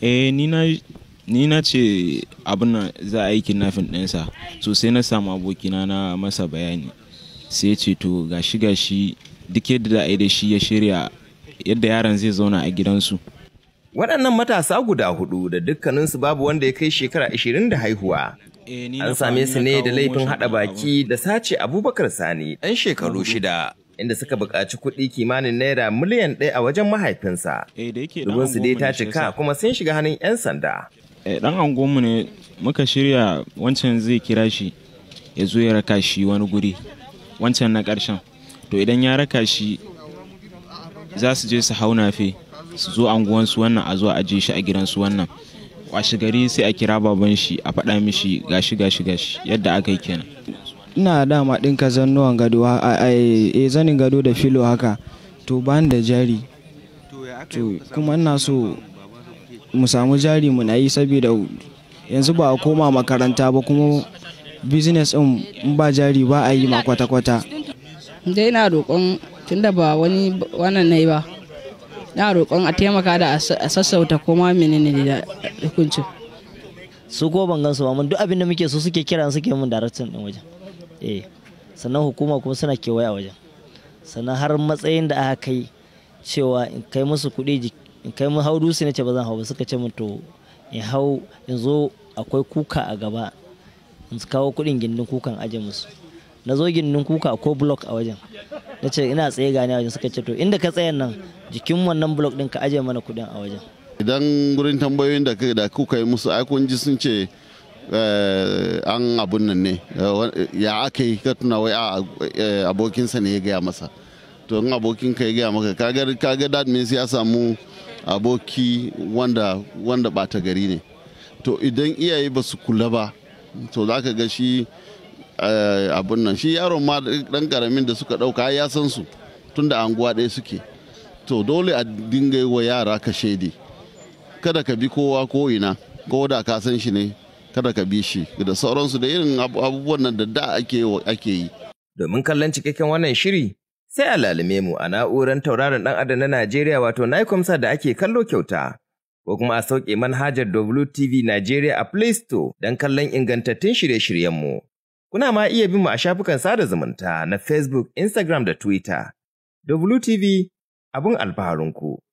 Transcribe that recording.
eh ni na ce abin za a yi kidnapping ɗinsa so sai na samu abokina na masa bayani sai ce to gashi gashi duk yadda da a yi da shi ya shirya yadda yaron zai zauna a gidansu waɗannan matasa guda hudu da dukkaninsu babu wanda ya kai shekara ashirin da haihuwa eh, an same su ne da laifin haɗa baki da sace abubakar sani ɗan shekaru shida inda suka buƙaci kuɗi kimanin naira miliyan ɗaya a wajen mahaifinsa. Eh, Domin dai ta cika kuma sun shiga hannun 'yan sanda. Eh, ɗan angonmu ne muka shirya wancan zai kira shi ya zo ya raka shi wani guri wancan na ƙarshen. To idan ya raka shi za su je su hau nafe su zo anguwansu wannan a zo a je shi a gidansu wannan. washe gari sai a kira baban shi a faɗa mishi gashi gashi gashi yadda aka yi kenan ina dama ɗinka zannuwan gado a eh, zanin gado da filo haka to ba da jari to kuma ina so mu samu jari mu na yi saboda yanzu ba a koma makaranta ba kuma business ɗin in ba jari ba a yi ma kwata-kwata dai na roƙon tun da ba wani wannan na yi ba na roƙon a taimaka da a sassauta koma ne da hukuncin su ko ban gansu ba mun duk abin da muke so suke kira suke mun daraktan din wajen eh sannan hukuma kuma suna kewaye a wajen sannan har matsayin da aka kai cewa in kai musu kuɗi in kai mu hau dusi na ce ba zan hau ba suka ce min to in hau in zo akwai kuka a gaba in su kawo kuɗin gindin kukan aje musu na zo gindin kuka ko block a wajen na ce ina tsaye gane a wajen suka ce to inda ka tsayan nan jikin wannan block ɗin ka aje mana kuɗin a wajen idan gurin tambayoyin da kuka yi musu ai kun ji sun ce Eh, an abun nan ne eh, eh, ya aka yi ka tuna wai ah, abokinsa ne ya gaya masa to in abokinka ya gaya maka kaga kaga that means ya samu aboki wanda wanda bata gari ne to idan iyaye ba su kula ba to za ka ga shi abun nan shi yaron ma dan karamin da suka dauka ya san su tunda anguwa ɗaya suke to dole a dinga wa yara ka shaidi kada ka bi kowa ko ina ko da ka san shi ne kada ka bi shi da sauransu da irin abubuwan nan da da ake yi. Domin kallon cikakken wannan shiri sai a lalime mu a na'urar tauraron ɗan adam na Najeriya wato Nicomsa da ake kallo kyauta. Ko kuma a sauke manhajar WTV Najeriya a Play Store don kallon ingantattun shirye-shiryenmu. Kuna ma iya bin mu a shafukan sada zumunta na Facebook, Instagram da Twitter. WTV abun alfaharinku.